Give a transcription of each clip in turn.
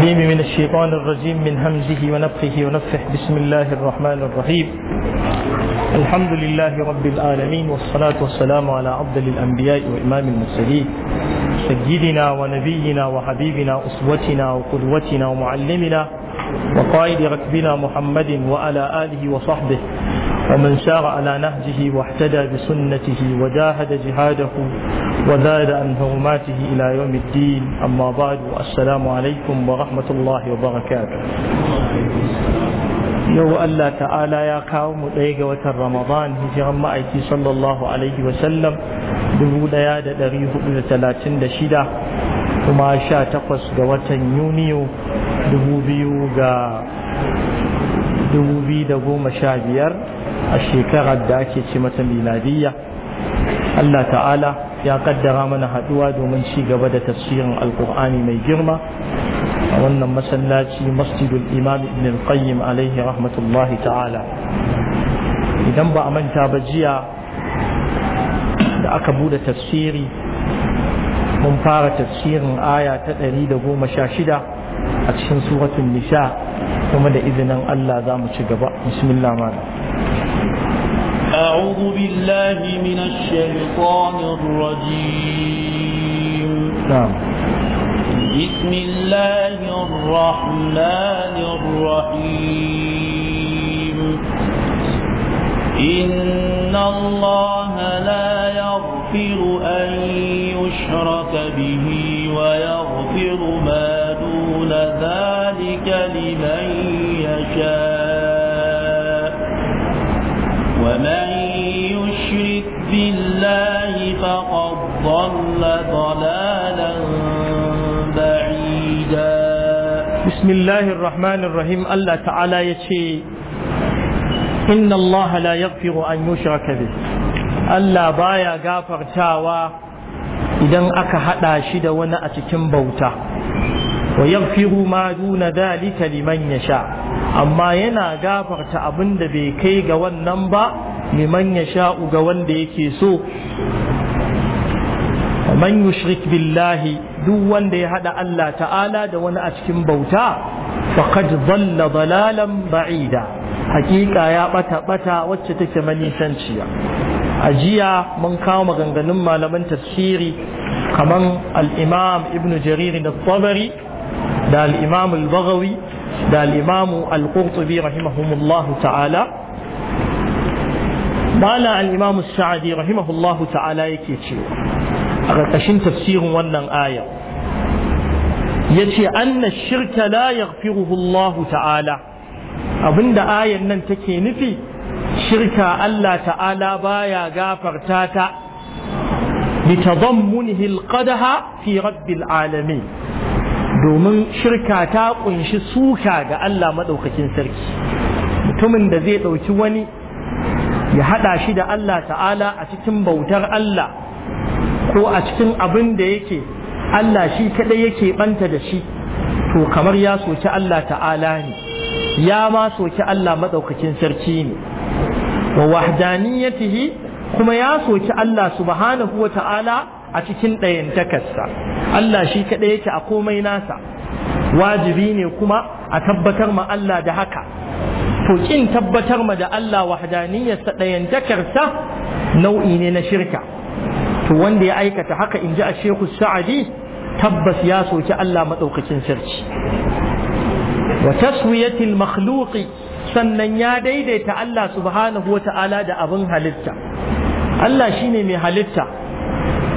الرحيم من الشيطان الرجيم من همزه ونفخه ونفخه بسم الله الرحمن الرحيم الحمد لله رب العالمين والصلاة والسلام على أفضل الأنبياء وإمام المرسلين سيدنا ونبينا وحبيبنا أسوتنا وقدوتنا ومعلمنا وقائد ركبنا محمد وعلى آله وصحبه ومن سار على نهجه واحتدى بسنته وجاهد جهاده وزاد عن هرماته إلى يوم الدين أما بعد السلام عليكم ورحمة الله وبركاته yau Allah ta'ala ya kawo mu ɗaya ga watan Ramadan hijiran ma'aiki sallallahu dubu ɗaya da ɗari hudu da talatin da shida kuma sha takwas ga watan Yuniyo dubu da goma sha biyar a shekarar da ake ce mata miladiyya Allah ta'ala ya kaddara mana haduwa domin ci gaba da tafsirin alkur'ani mai girma a wannan masallaci masjidul imam ibn al-qayyim alaihi rahmatullahi ta'ala idan ba a manta ba jiya da aka bude tafsiri mun fara tafsirin aya ta 116 a cikin suratul nisa kuma da izinin Allah za mu ci gaba bismillah أعوذ بالله من الشيطان الرجيم نعم بسم الله الرحمن الرحيم إن الله لا يغفر أن يشرك به ويغفر ما دون ذلك لمن يشاء وما الله الرحمن الرحيم الله تعالى يشي إن الله لا يغفر أن يشرك به الله بايا غافر تاوى إذا أكا حتى شد وانا أتكم بوتا ويغفر ما دون ذلك لمن يشاء أما ينا غافر تأبند بكي غوان نمبا liman ya sha'u ga wanda yake so man yushrik billahi duk wanda ya hada Allah ta'ala da wani a cikin bauta faqad dhalla dalalan ba'ida hakika ya bata bata wacce take manisanciya a jiya mun kawo maganganun malaman tafsiri kaman al-imam ibnu jarir al-tabari da al-imam al-baghawi da al-imam al-qurtubi rahimahumullah ta'ala mala al-imam as-sa'di ta'ala yake cewa a ƙarƙashin tafsirin wannan aya ya ce anna shirka la yaghfiruhu Allah ta'ala abinda ayan nan take nufi shirka Allah ta'ala baya gafarta ta لتضمنه القدح fi رب العالمين domin shirka ta kunshi suka ga Allah maɗaukakin sarki mutumin da zai ɗauki wani ya haɗa shi da Allah ta'ala a cikin bautar Allah ko a cikin abin da yake Allah shi kaɗai yake ɓanta da shi to kamar ya soki Allah ta'ala ne ya ma soki Allah maɗaukacin sarki ne wa wahdaniyatihi kuma ya soki Allah subhanahu wa ta'ala a cikin ɗayantakarsa Allah shi kaɗai yake a komai nasa wajibi ne kuma a tabbatar ma Allah da haka to kin tabbatar ma da Allah wahdaniyyarsa ɗayantakarsa nau'i ne na shirka to wanda ya aikata haka in ji a shehu sa'adi tabbas ya soki Allah matsaukacin sarki wa taswiyatil makhluqi sannan ya daidaita Allah subhanahu wata'ala da abin halitta Allah shine mai halitta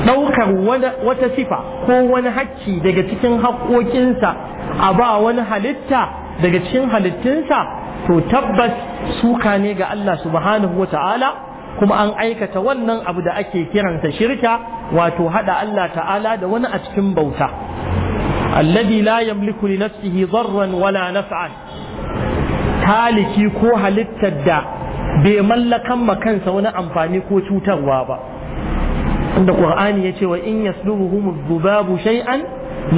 ɗaukar wata sifa ko wani hakki daga cikin haƙoƙinsa a ba wani halitta daga cikin halittunsa to tabbas suka ne ga Allah subhanahu wata'ala kuma an aikata wannan abu da ake kiransa shirka wato hada Allah ta'ala da wani a cikin bauta alladhi la yamliku li nafsihi darran wala naf'an taliki ko halittar da bai mallakan ma kansa wani amfani ko cutarwa ba inda qur'ani yace wa in yaslubuhum dhubabu shay'an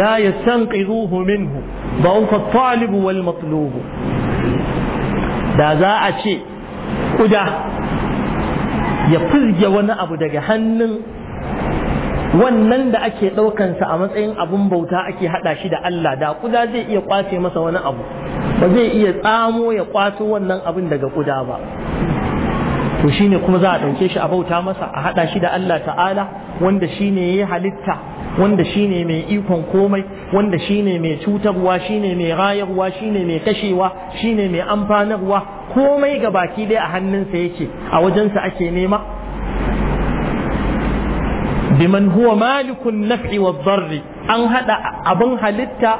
la yastanqidhuhu minhu da'ufa at-talib wal matlub da za a ce kuda ya fizge wani abu daga hannun wannan da ake ɗaukansa a matsayin abun bauta ake haɗa shi da Allah da kuda zai iya kwace masa wani abu ba zai iya tsamo ya kwato wannan abin daga kuda ba to shine kuma za a ɗauke shi a bauta masa a haɗa shi da Allah ta'ala wanda shine ya halitta wanda shine mai ikon komai wanda shine mai cutarwa shine mai rayarwa shine mai kashewa shine mai amfanarwa komai ga baki dai a hannunsa yake a wajensa ake nema biman huwa malikun naf'i wa dharri an hada abin halitta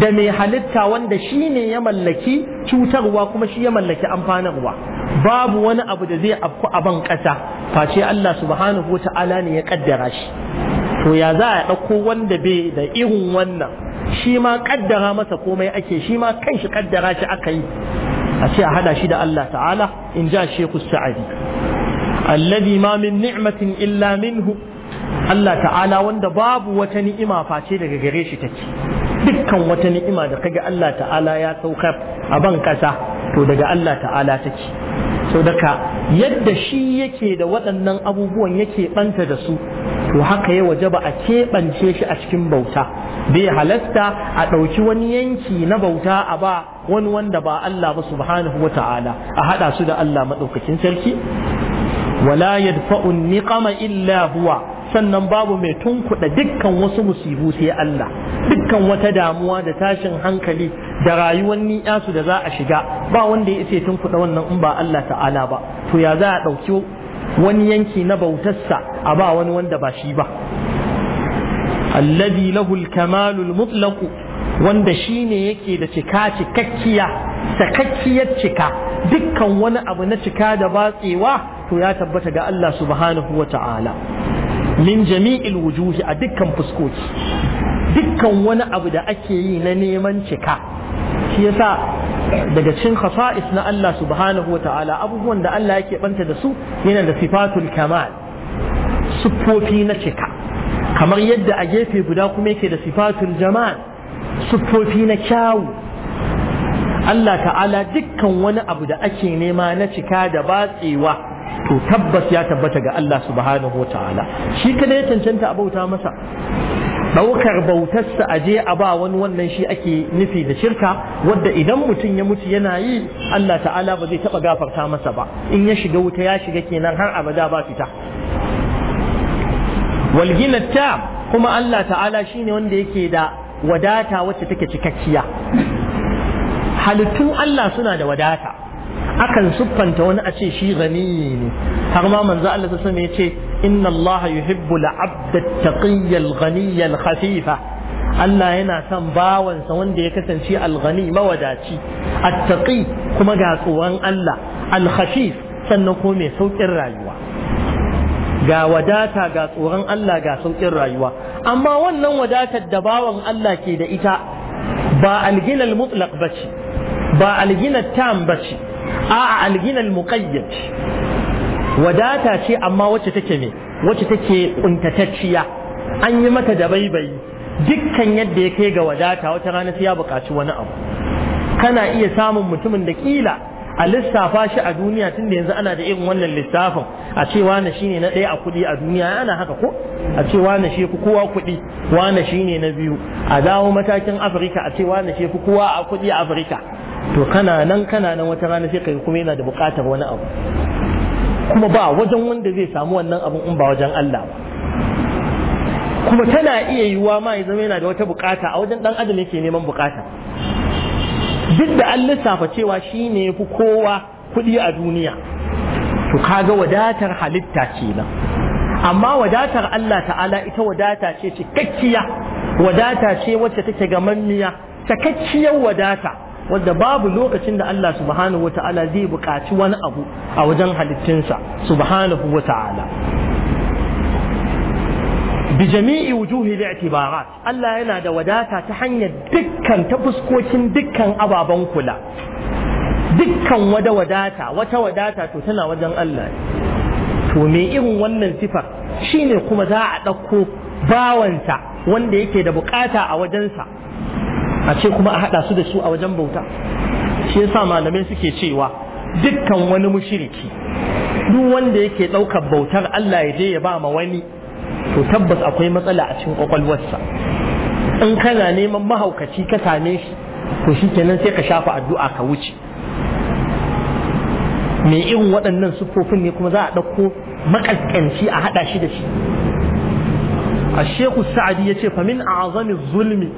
da mai halitta wanda shi ne ya mallaki cutarwa kuma shi ya mallaki amfanarwa babu wani abu da zai afku a ban kasa face Allah subhanahu wata'ala ne ya kaddara shi to ya za a ɗauko wanda bai da irin wannan shi ma kaddara masa komai ake shi ma kanshi kaddara shi aka yi a ce a hada shi da Allah ta'ala in ja sheku sa'adi allazi ma min ni'matin illa minhu Allah ta'ala wanda babu wata ni'ima face daga gare shi take dukkan wata ni'ima da kaga Allah ta'ala ya saukar a ban kasa to daga Allah ta'ala take so yadda shi yake da waɗannan abubuwan yake banta da su to haka ya wajaba a keɓance shi a cikin bauta bai halarta a ɗauki wani yanki na bauta a ba wani wanda ba Allah ba subhanahu wa ta'ala a haɗa su da Allah maɗaukakin sarki wala yadfa'u niqama illa huwa sannan babu mai tunkuɗa dukkan wasu musibu sai Allah dukkan wata damuwa da tashin hankali da rayuwar yasu da za a shiga ba wanda ya isa tunkuɗa wannan in ba Allah ta'ala ba to ya za a ɗauki wani yanki na bautarsa a ba wani wanda ba shi ba alladhi lahu al-kamalul mutlaq wanda ne yake da cika cikakkiya sakakkiyar cika dukkan wani abu na cika da batsewa to ya tabbata ga Allah subhanahu wa ta'ala min jami'il wujuhi a dukkan fuskoki dukkan wani abu da ake yi na neman cika shi yasa daga cin khasa'is na Allah subhanahu wa ta'ala abubuwan da Allah yake banta da su yana da sifatul kamal siffofi na cika kamar yadda a gefe guda kuma yake da sifatun jama'a siffofi na kyawu Allah ta'ala dukkan wani abu da ake nema na cika da batsewa to tabbas ya tabbata ga Allah subhanahu wa ta'ala shi kada ya cancanta a bauta masa ɗaukar bautarsa a je a ba wani wannan shi ake nufi da shirka wadda idan mutum ya mutu yana yi Allah ta'ala ba zai taɓa gafarta masa ba in ya shiga wuta ya shiga kenan har abada ba fita wal gina kuma Allah ta'ala shine wanda yake da wadata wacce take cikakkiya halittun Allah suna da wadata akan siffanta wani a ce shi gani ne har ma manzo Allah ta sani yace inna Allah yuhibbu al-'abda at-taqiyya khafifa Allah yana son bawansa wanda ya kasance al-ghani mawadaci at kuma ga tsoron Allah al-khafif sannan ko mai sauƙin rayuwa ga wadata ga tsoron Allah ga sauƙin rayuwa amma wannan wadatar da bawan Allah ke da ita ba alginal mutlaq bace ba alginal tam bace a'a alginal muqayyad wadata ce amma wacce take ne wacce take kuntatacciya an yi mata da baibayi dukkan yadda ya kai ga wadata wata rana sai ya buƙaci wani abu kana iya samun mutumin da kila a lissafa shi a duniya tun da yanzu ana da irin wannan lissafin a ce wane shi ne na ɗaya a kuɗi a duniya ana haka ko a ce wane shi fi kowa kuɗi wane shi ne na biyu a dawo matakin afirka a ce wane shi fi kowa a kuɗi a afirka to kana nan kana nan wata rana sai kai kuma yana da buƙatar wani abu kuma ba wajen wanda zai samu wannan abun in ba wajen Allah ba kuma tana iya yiwuwa ma ya zama yana da wata buƙata a wajen ɗan adam yake neman buƙata duk da an lissafa cewa shi ne fi kowa kuɗi a duniya to kaga wadatar halitta kenan amma wadatar Allah ta'ala ita wadata ce cikakkiya wadata ce wacce take gamammiya cikakkiyar wadata wadda babu lokacin da Allah subhanahu Ta'ala zai buƙaci wani abu a wajen halittinsa subhanahu Ta'ala. bi jami'i wujuhi li'tibarat Allah yana da wadata ta hanyar dukkan ta fuskokin dukkan ababen kula dukkan wada wadata wata wadata to tana wajen Allah to me irin wannan sifar shine kuma za a ɗauko bawansa wanda yake da bukata a wajensa a ce kuma a haɗa su da su a wajen bauta shi yasa malamai suke cewa dukkan wani mushiriki duk wanda yake ɗaukar bautar Allah ya je ya ba ma wani to tabbas akwai matsala a cikin kwakwalwarsa in kana neman mahaukaci ka same shi to shi kenan sai ka shafa addu'a ka wuce me irin waɗannan siffofin ne kuma za a ɗauko makaskanci a haɗa shi da shi a shehu sa'adi ya ce fa min azami zulmi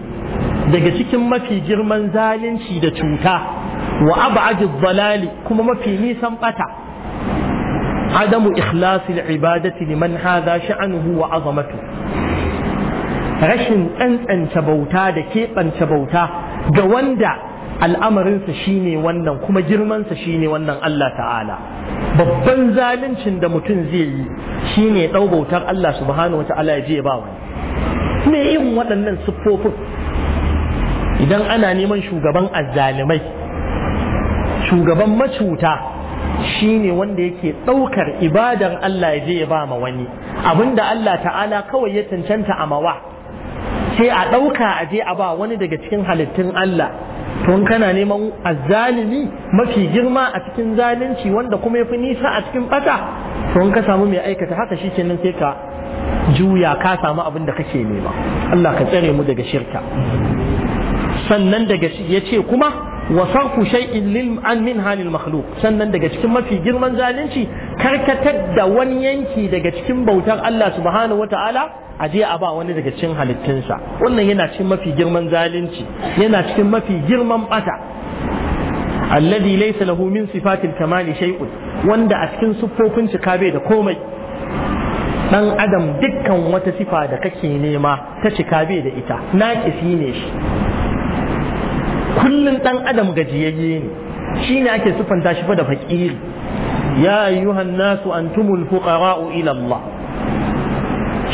daga cikin mafi girman zalunci da cuta wa abu balali kuma mafi nisan bata عدم إخلاص العبادة لمن هذا شأنه وعظمته rashin tsantsanta bauta da keɓanta bauta ga wanda al'amarinsa ne wannan kuma girmansa ne wannan Allah ta'ala babban zaluncin da mutum zai yi shine ɗau bautar Allah subhanahu wa ta'ala ya je ba wani me yin waɗannan siffofin idan ana neman shugaban azzalimai shugaban macuta shine wanda yake ɗaukar ibadar Allah ya je ya ba ma wani abinda Allah ta'ala kawai ya cancanta a mawa sai a ɗauka a je a ba wani daga cikin halittun Allah tun kana neman azzalimi mafi girma a cikin zalunci wanda kuma ya fi nisa a cikin bata tun ka samu mai aikata haka shi kenan sai ka juya ka samu abin da kake nema Allah ka tsare mu daga shirka sannan daga ya ce kuma wa sarfu shay'in lil an minha lil sannan daga cikin mafi girman zalunci karkatar da wani yanki daga cikin bautar Allah subhanahu wataala a je a ba wani daga cikin halittunsa wannan yana cikin mafi girman zalunci yana cikin mafi girman bata alladhi laysa lahu min sifatil kamali shay'un wanda a cikin siffofin ka bai da komai dan adam dukkan wata sifa da kake nema ta cika bai da ita naƙisi ne shi Kullum ɗan adam gajiyayye ne shine ake sufanta shi fa da fakiri ya ayyuhan nasu antumul fuqara'u ila Allah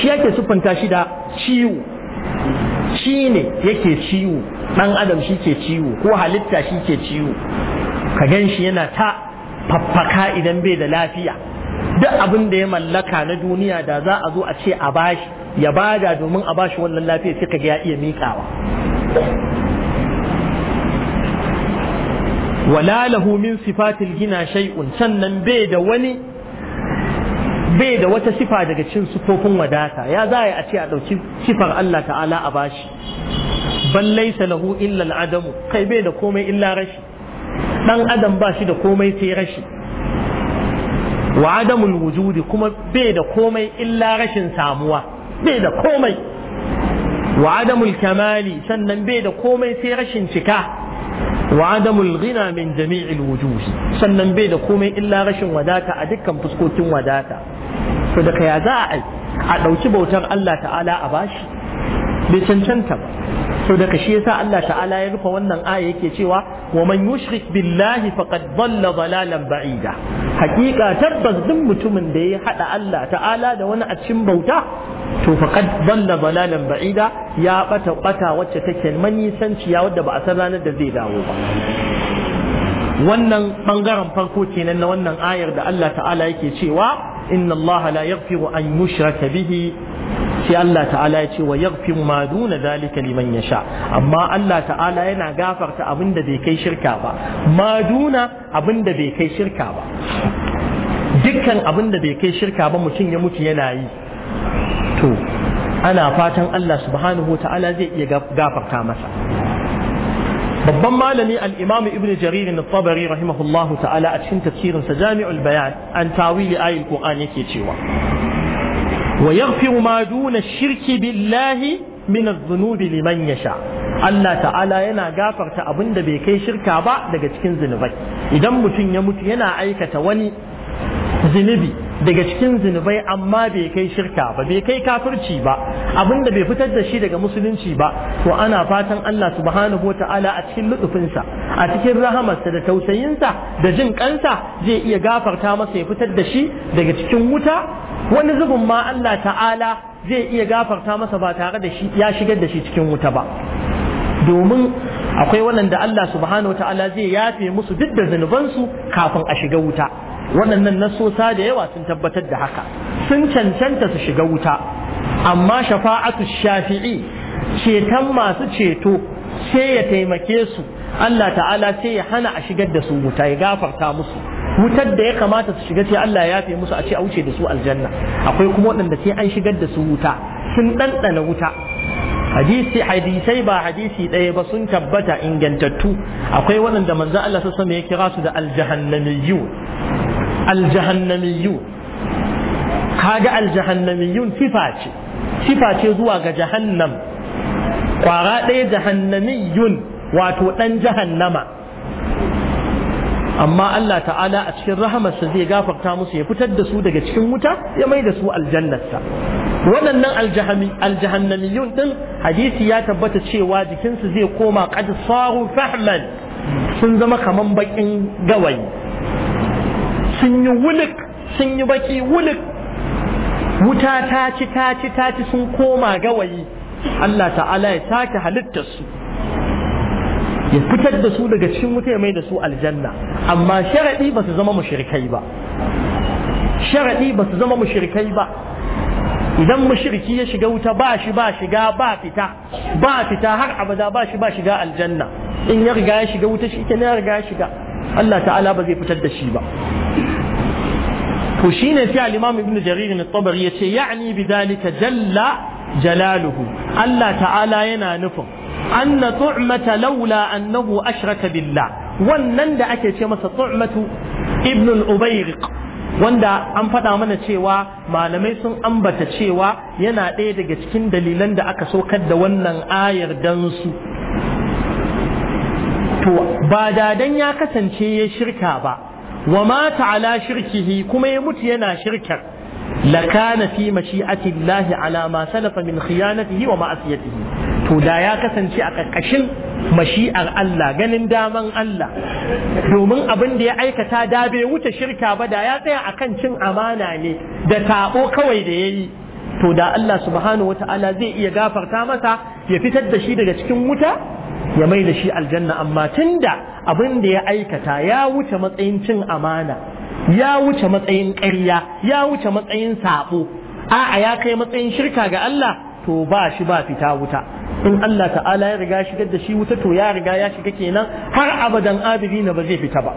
shi ake sufanta shi da ciwo shi ne yake ciwo dan adam shi ke ciwo ko halitta shi ke ciwo ka gan shi yana ta faffaka idan bai da lafiya duk abin da ya mallaka na duniya da za a zo a ce a bashi ya bada domin a bashi wannan lafiya sai ka ga ya iya miƙawa wala lahu min sifatil gina shay'un sannan bai da wani bai da wata sifa daga cikin sifofin wadata ya za a ce a ɗauki sifar Allah ta'ala a bashi Ban laisa lahu illa al'adam kai bai da komai illa rashi dan adam ba shi da komai sai rashi wa adamul wujudi kuma bai da komai illa rashin samuwa bai da komai wa adamul kamali sannan bai da komai sai rashin cika wa adamul ghina min jami'il wujuh sannan bai da komai illa rashin wadata a dukkan fuskokin wadata to da kaya za a a ɗauki bautar Allah ta'ala a bashi bai cancanta ba da daga shi yasa Allah ta'ala ya rufe wannan aya yake cewa wa man yushrik billahi faqad dhalla dhalalan ba'ida hakika tabbas duk mutumin da ya hada Allah ta'ala da wani a cikin bauta to faqad dhalla dhalalan ba'ida ya bata bata wacce take sanciya wadda ba a san ranar da zai dawo ba wannan bangaren farko kenan na wannan ayar da Allah ta'ala yake cewa inna Allah la yaghfiru an yushraka bihi sai Allah ta'ala ya ce wa yaghfiru ma duna zalika liman yasha amma Allah ta'ala yana gafarta abinda bai kai shirka ba ma duna abinda bai kai shirka ba dukkan abinda bai kai shirka ba mutum ya mutu yana yi to ana fatan Allah subhanahu ta'ala zai iya gafarta masa babban malami al-imam ibnu jarir at-tabari rahimahullahu ta'ala a cikin tafsirin sa jami'ul bayan an tawili ayatul qur'an yake cewa ويغفر ما دون الشرك بالله من الذنوب لمن يشاء Allah ta'ala yana gafarta abin da bai kai shirka ba daga cikin zunubai idan mutum ya mutu yana aikata wani zunubi daga cikin zunubai amma bai kai shirka ba bai kai kafirci ba abinda bai fitar da shi daga musulunci ba to ana fatan Allah subhanahu wa ta'ala a cikin lutufinsa a cikin rahamarsa da tausayinsa da jin kansa zai iya gafarta masa ya fitar da shi daga cikin wuta wani zubin ma Allah ta'ala zai iya gafarta masa ba tare da shi ya shigar da shi cikin wuta ba domin akwai waɗanda Allah subhanahu wa ta'ala zai yafe musu duk da zunubansu kafin a shiga wuta waɗannan nasosa da yawa sun tabbatar da haka sun cancanta su shiga wuta amma shafa'atu shafi'i ceton masu ceto sai ya taimake su Allah ta'ala sai ya hana a shigar da su wuta ya gafarta musu wutar da ya kamata su shiga sai Allah ya yafe musu a ce a wuce da su aljanna akwai kuma waɗanda sai an shigar da su wuta sun ɗanɗana wuta hadisi hadisai ba hadisi ɗaya ba sun tabbata ingantattu akwai waɗanda manzo Allah sassa ya kira su da aljahannamiyyu aljahannamiyu kaga aljahannamiyun sifa ce sifa ce zuwa ga jahannam kwara ɗaya jahannamiyun wato ɗan jahannama amma Allah ta'ala a cikin rahamarsa zai gafarta musu ya fitar da su daga cikin wuta ya mai da su aljannarsa waɗannan aljahannamiyun ɗin hadisi ya tabbata cewa jikinsu zai koma qad saru fahman sun zama kaman bakin gawayi sun yi wulik sun yi baki wulik wuta ta ci ta ci ta ci sun koma gawayi Allah ta'ala ya sake halitta su ya fitar da su daga cikin wuta ya mai da su aljanna amma sharadi ba su zama mushrikai ba sharadi ba su zama mushrikai ba idan mushriki ya shiga wuta ba shi ba shiga ba fita ba fita har abada ba shi ba shiga aljanna in ya riga ya shiga wuta shi ke ya riga ya shiga Allah ta'ala ba zai fitar da shi ba to shine sai al-imam ibn jarir at-tabari yace ya'ni bidhalika jalla jalaluhu Allah ta'ala yana nufin anna tu'mata laula annahu ashraka billah wannan da ake ce masa tu'matu ibn al-ubayriq wanda an faɗa mana cewa malamai sun ambata cewa yana ɗaya daga cikin dalilan da aka saukar da wannan ayar dan su to ba dadan ya kasance ya shirka ba wa mata ala shirkihi kuma ya mutu yana shirkar lakana fi mashi'ati Allah ala ma salafa min khiyanatihi wa ma'asiyatihi to da ya kasance a karkashin mashi'ar Allah ganin daman Allah domin abin da ya aikata da bai wuce shirka ba da ya tsaya akan cin amana ne da taɓo kawai da yayi to da Allah subhanahu wata'ala zai iya gafarta masa ya fitar da shi daga cikin wuta ya mai da shi aljanna amma tunda abin da ya aikata ya wuce matsayin cin amana ya wuce matsayin ƙarya ya wuce matsayin saɓo a'a ya kai matsayin shirka ga Allah to ba shi ba fita wuta in Allah ta'ala ya riga shigar da shi wuta to ya riga ya shiga kenan har abadan abidi na ba zai fita ba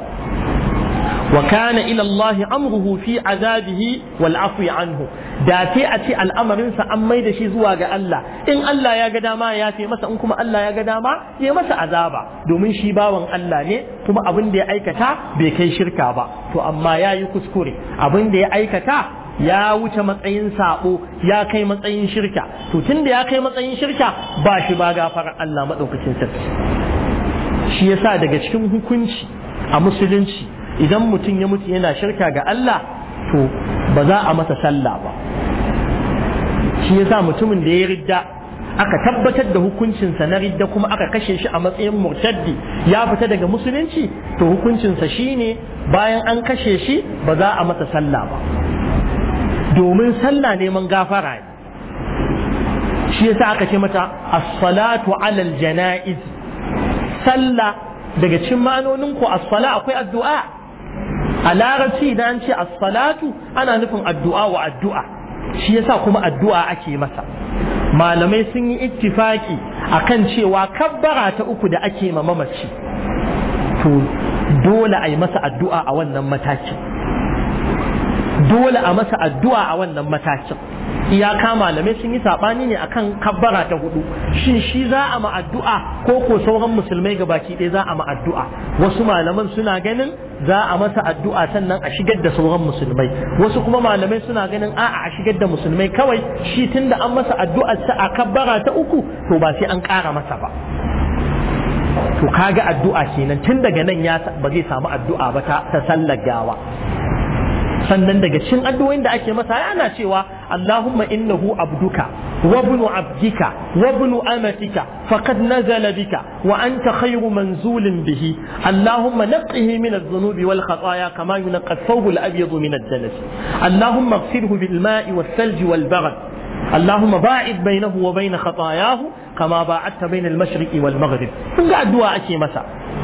wa kana ila Allah amruhu fi azabihi wal afwi anhu da sai a ce al'amarinsa an mai da shi zuwa ga Allah in Allah ya ga dama ya fi masa in kuma Allah ya ga dama ya masa azaba domin shi bawan Allah ne kuma abin da ya aikata bai kai shirka ba to amma ya yi kuskure abin da ya aikata ya wuce matsayin sabo ya kai matsayin shirka to tun da ya kai matsayin shirka ba shi ba gafarar Allah madaukakin sarki shi yasa daga cikin hukunci a musulunci idan mutum ya mutu yana shirka ga Allah to ba za a masa sallah ba shi yasa mutumin da ya ridda aka tabbatar da hukuncinsa na ridda kuma aka kashe shi a matsayin murtaddi ya fita daga musulunci to hukuncinsa shine bayan an kashe shi ba za a masa sallah ba domin sallah neman gafara ne shi yasa aka ce mata as-salatu alal janaiz sallah daga cikin ma'anonin ku as-sala akwai addu'a a larabci idan an ce as-salatu ana nufin addu'a wa addu'a shi yasa kuma addu'a ake masa malamai sun yi ittifaki akan cewa kabbara ta uku da ake ma mamaci to dole a masa addu'a a wannan matakin dole a masa addu'a a wannan matakin Ya iyaka malamai sun yi sabani ne akan kabbara ta hudu shin shi za a addu'a ko ko sauran musulmai ga baki ɗaya za a addu'a wasu malaman suna ganin za a masa addu'a sannan a shigar da sauran musulmai wasu kuma malamai suna ganin a'a a shigar da musulmai kawai shi tunda an masa addu'a ta a kabbara ta uku to ba sai an ƙara masa ba to kaga addu'a kenan tun daga nan ya ba zai samu addu'a ba ta sallar gawa sannan daga cikin addu'o'in da ake masa ana cewa Allahumma innahu abduka wa ibnu abdika wa ibnu amatika faqad nazala bika wa anta khayru manzulin bihi Allahumma naqqihi min adh-dhunubi wal khataaya kama yunqqa ath-thawb al-abyad min ad-danas Allahumma ighfirhu bil ma'i wath-thalj wal baghd اللهم باعد بينه وبين خطاياه كما باعدت بين المشرق والمغرب kun ga addu'a ake masa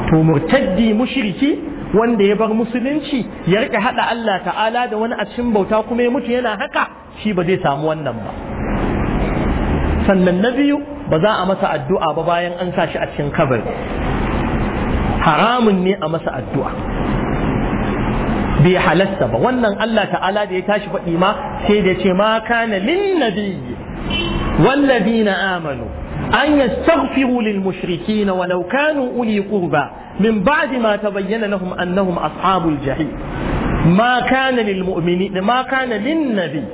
to murtaddi mushriki wanda ya bar musulunci ya riƙe hada Allah ta'ala da wani a cikin bauta kuma ya mutu yana haka shi ba zai samu wannan ba sannan na biyu ba za a masa addu'a ba bayan an sa shi a cikin kabari haramun ne a masa addu'a bai halasta ba wannan Allah ta'ala da ya tashi faɗi ma sai da ce ma kana lin nabiyyi wallazina amanu أن يستغفروا للمشركين ولو كانوا أولي قربى من بعد ما تبين لهم أنهم أصحاب الجحيم ما كان للمؤمنين ما كان للنبي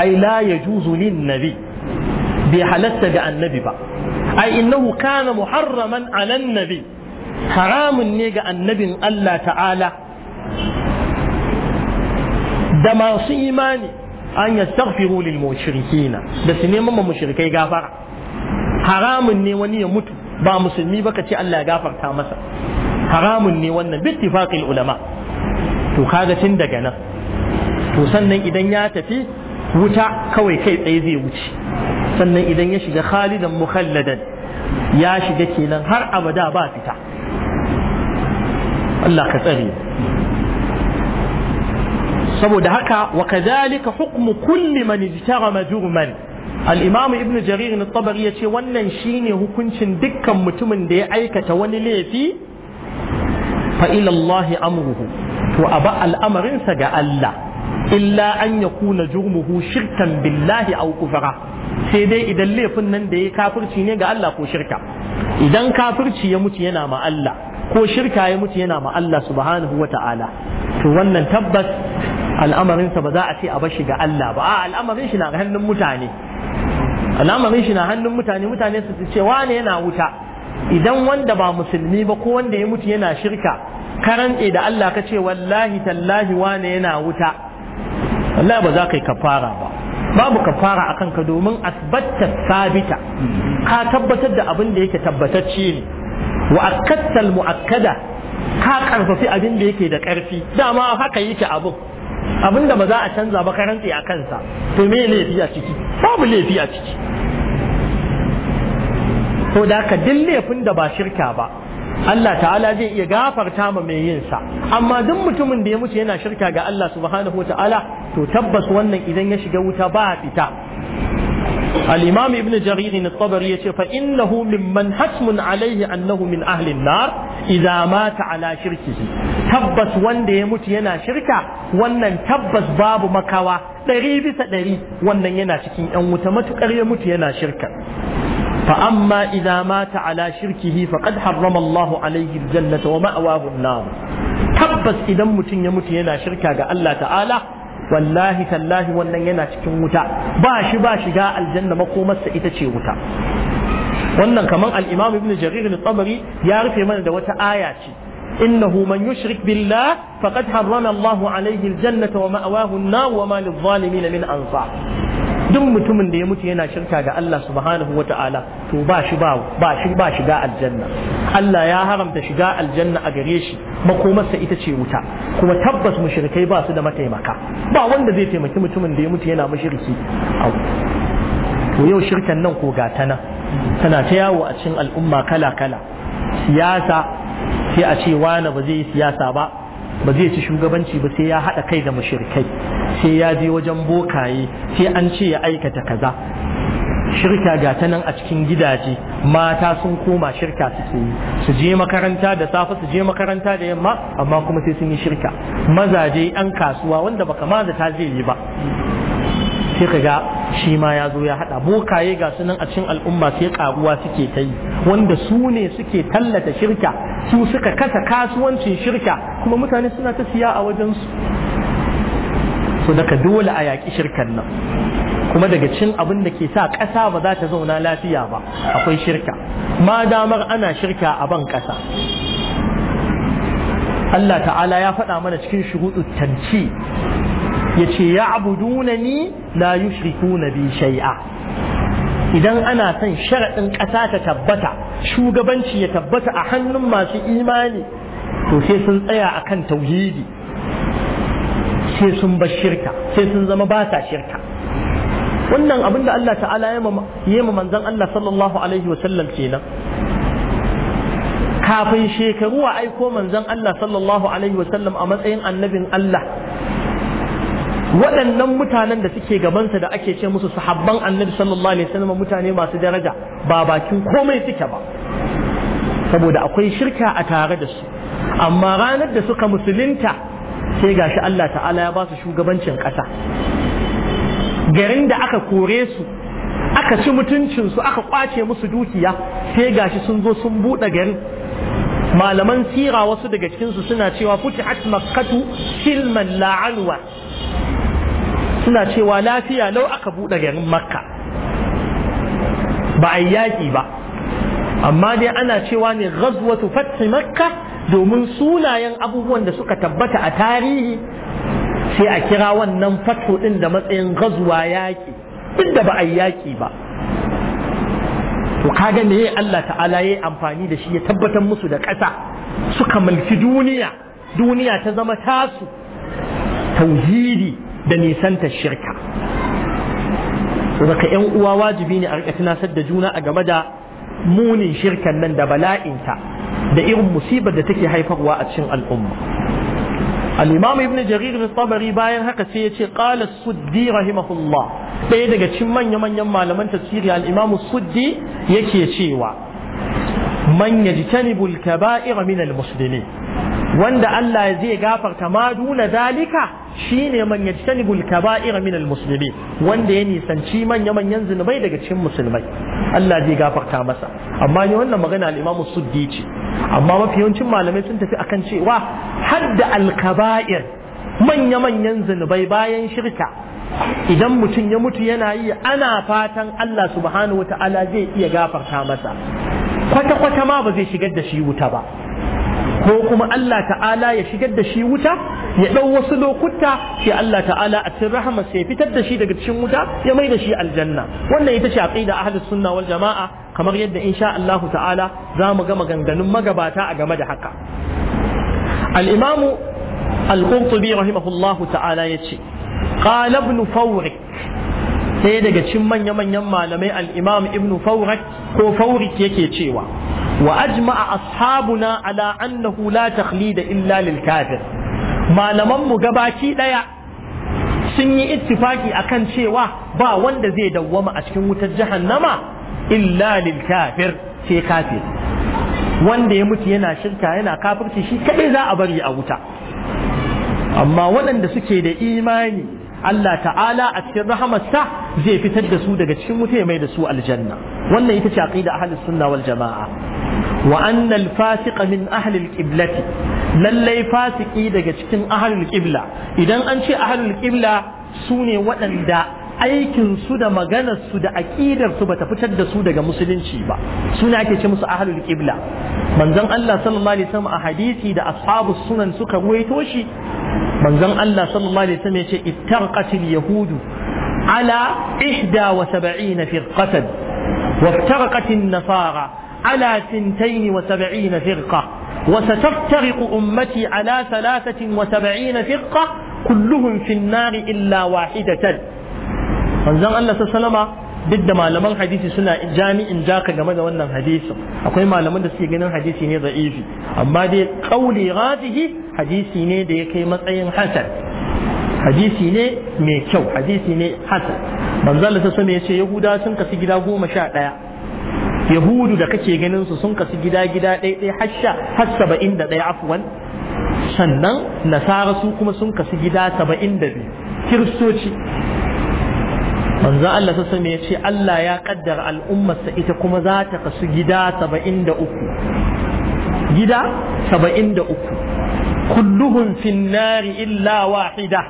أي لا يجوز للنبي بحلت النبي بقى أي إنه كان محرما على النبي حرام نيجا النبي الله تعالى da masu imani an yastaghfiru lil mushrikina da su neman ma mushrikai gafara haramun ne wani ya mutu ba musulmi ba ka ce Allah ya gafarta masa haramun ne wannan bittifaqil ulama to kaga tun daga nan to sannan idan ya tafi wuta kawai kai tsaye zai wuce sannan idan ya shiga khalidan mukhalladan ya shiga kenan har abada ba fita Allah ka tsare saboda haka wa kadhalika hukmu kulli man ijtara majurman al'imamu ibn jarir na tabari ya ce wannan shine hukuncin dukkan mutumin da ya aikata wani laifi fa'ilallahi amruhu to a ba al'amarinsa ga Allah illa an ya kuna jurmuhu shirkan billahi au kufara sai dai idan laifin nan da ya kafirci ne ga Allah ko shirka idan kafirci ya mutu yana ma Allah ko shirka ya mutu yana ma Allah subhanahu wa ta'ala to wannan tabbas al'amarinsa ba za a ce a bashi ga Allah ba a al'amarin shi na hannun mutane alamarin shi na hannun mutane mutane su ce wane yana wuta idan wanda ba musulmi ba ko wanda ya mutu yana shirka karan da Allah ka ce wallahi tallahi wane yana wuta wallahi ba za ka yi kafara ba babu kafara akan ka domin asbatta sabita ka tabbatar da abin da yake tabbatacce ne wa akkatal muakkada ka karfafi abin da yake da karfi dama haka yake abin abinda ba za a canza ba ka rantse a kansa to me laifi a ciki babu laifi a ciki to da ka duk laifin da ba shirka ba Allah ta'ala zai iya gafarta ma mai yin sa amma duk mutumin da ya mutu yana shirka ga Allah subhanahu wa ta'ala to tabbas wannan idan ya shiga wuta ba fita al-imam ibn Jariri at ya yace fa innahu min manhajmun alayhi annahu min ahlin nar idza mata ala shirkihi tabbas wanda ya mutu yana shirka wannan tabbas babu makawa ɗari bisa ɗari wannan yana cikin yan wuta matukar ya mutu yana shirka فأما إذا مات على شركه فقد حرم الله عليه الجنة ومأواه النار tabbas idan mutum ya mutu yana shirka ga Allah ta'ala wallahi tallahi wannan yana cikin wuta ba shi ba shiga aljanna makomarsa ita ce wuta wannan kamar al-imam ibn jarir al-tabari ya rufe mana da wata aya ce innahu man yushrik billah faqad harrama Allah alayhi al-jannata wa ma'wahu an-nar wa ma lil-zalimin min ansar duk mutumin da ya mutu yana shirka ga Allah subhanahu wa ta'ala to ba shi ba ba shi ba shiga aljanna Allah ya haramta shiga aljanna a gare shi makomarsa ita ce wuta kuma tabbas mushrikai ba su da mataimaka ba wanda zai taimaki mutumin da ya mutu yana mushriki to yau shirkan nan ko ta nan tana ta yawo a cikin al'umma kala kala siyasa sai a ce wani ba zai yi siyasa ba ba zai ci shugabanci ba sai ya haɗa kai da mushrikai sai ya je wajen bokaye sai an ce ya aikata kaza shirka ga ta nan a cikin gidaje mata sun koma shirka suke yi su je makaranta da safe su je makaranta da yamma amma kuma sai sun yi shirka mazaje yan kasuwa wanda baka ma ta zai yi ba sai ka ga shi ma ya zo ya hada bokaye ga sunan a cikin al'umma sai karuwa suke ta yi wanda su ne suke tallata shirka su suka kasa kasuwancin shirka kuma mutane suna ta siya a wajen su. so daga dole a yaƙi shirkan nan kuma daga cin abin da ke sa ƙasa ba za ta zauna lafiya ba akwai shirka ma damar ana shirka a ban ƙasa Allah ta'ala ya faɗa mana cikin shuruɗu tanci ya ce ya abuduna ni la yushrikuna bi shai'a idan ana son sharaɗin ƙasa ta tabbata shugabanci ya tabbata a hannun masu imani to sai sun tsaya akan tauhidi sai sun bar shirka sai sun zama ba sa shirka wannan abin da Allah ta'ala ya ma manzon Allah sallallahu alaihi wa sallam kenan kafin shekaru a aiko manzon Allah sallallahu alaihi wa sallam a matsayin annabin Allah waɗannan mutanen da suke gabansa da ake ce musu sahabban annabi sallallahu alaihi sallam mutane masu daraja ba bakin komai suke ba saboda akwai shirka a tare da su amma ranar da suka musulunta sai gashi Allah ta'ala ya ba su shugabancin ƙasa garin da aka kore su aka ci mutuncinsu aka kwace musu dukiya sai gashi sun zo sun buɗe garin malaman sira wasu daga cikinsu suna cewa futihat makkatu silman la'alwa suna cewa lafiya lau aka buɗe garin makka ba a yaƙi ba amma dai ana cewa ne ghazwatu fathi makka domin sunayen abubuwan da suka tabbata a tarihi sai a kira wannan fatu ɗin da matsayin gazuwa yaƙi inda ba a yi yaƙi ba to kaga ne Allah ta'ala ya yi amfani da shi ya tabbatar musu da ƙasa suka mulki duniya duniya ta zama tasu tauhidi da nisanta shirka daga yan uwa wajibi ne a rika tunasar da juna a game da munin shirkan nan da bala'inta da irin musibar da take haifarwa a cikin al'umma al-imam ibn jarir al-tabari bayan haka sai ya ce qala suddi rahimahullah ɗaya daga cikin manya manyan malaman tafsiri al-imam suddi yake cewa man yajtanibu kabair min al-muslimin wanda Allah zai gafarta ma duna dalika shine man yajtanibu kabair min al-muslimin wanda ya nisanci manya manyan zunubai daga cikin musulmai Allah zai gafarta masa amma ni wannan magana al-imam suddi ce amma mafi yawancin malamai sun tafi akan cewa har da alkaba'ir manya-manyan zunubai bayan shirka idan mutum ya mutu yana yi ana fatan Allah subhanahu wa ta'ala zai iya gafarta masa kwata-kwata ma ba zai shigar da shi wuta ba ko kuma Allah ta'ala ya shigar da shi wuta ya ɗau wasu lokuta sai Allah ta'ala a cikin rahama sai fitar da shi daga cikin wuta ya mai da shi aljanna wannan ita ce aqida ahlus sunna wal jama'a kamar yadda insha Allah ta'ala za mu ga maganganun magabata a game da haka al-imamu al-qurtubi rahimahullah ta'ala yace qala ibn fawrik sai daga cikin manya-manyan malamai al-imam ibn fawrik ko fawrik yake cewa wa ajma'a ashabuna ala annahu la takhlida illa lil kafir malaman mu gabaki ɗaya sun yi ittifaki akan cewa ba wanda zai dawwama a cikin wutar jahannama illa lil kafir sai kafir wanda ya mutu yana shirka yana kafirci shi kadai za a bari a wuta amma waɗanda suke da imani Allah ta'ala a cikin rahamarsa zai fitar da su daga cikin wuta ya mai da su aljanna wannan ita ce aqida ahlus sunna wal jamaa wa anna al fasiqa min ahli al qiblati lallai fasiki daga cikin ahlul qibla idan an ce ahlul qibla su ne waɗanda su da maganar su da aqidar su bata fitar da su daga musulunci ba suna ake ce musu ahlul qibla manzon Allah sallallahu alaihi wasallam a hadisi da ashabu sunan suka waito shi manzon Allah sallallahu alaihi wasallam ya ce ittaqatil yahudu ala 71 firqatan وافترقت nasara ala 72 firqatan وستفترق أمتي على ثلاثة وسبعين فرقة كلهم في النار إلا واحدة manzon Allah ta duk da malaman hadisi suna jami'in jaka game da wannan hadisin akwai malaman da suke ganin hadisi ne za'ifi amma dai kauli rajihi hadisi ne da ya kai matsayin hasan hadisi ne mai kyau hadisi ne hasan manzon Allah ya ce yahuda sun kasu gida goma sha ɗaya yahudu da kake ganin su sun kasu gida gida ɗaya ɗaya hasha har saba'in da ɗaya afuwan? sannan nasara su kuma sun kasu gida saba'in da biyu kiristoci manzo Allah ta sami ya ce Allah ya kaddara al'ummarsa ita kuma za ta kasu gida saba'in da uku gida saba'in da uku kulluhun finnari illa wahida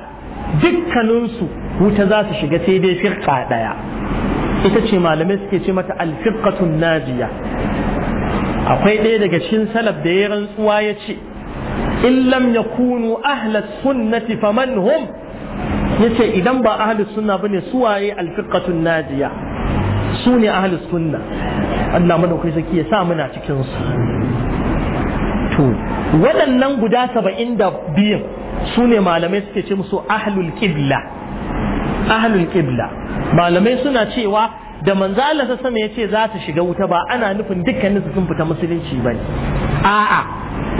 dukkaninsu wuta za su shiga sai dai firka ɗaya ita ce malamai suke ce mata alfiqatun najiya akwai ɗaya daga cikin salaf da ya rantsuwa ya ce in lam yakunu ahlas sunnati faman hum yace idan ba ahlus sunna bane waye alfiqatun najiya su ne ahlus sunna Allah kai saki ya sa muna cikin su to waɗannan guda saba'in da biyun su ne malamai suke ce musu ahlul qibla ahlul qibla malamai suna cewa da manzo Allah ta sama yace za ta shiga wuta ba ana nufin dukkanin su sun fita musulunci bane a'a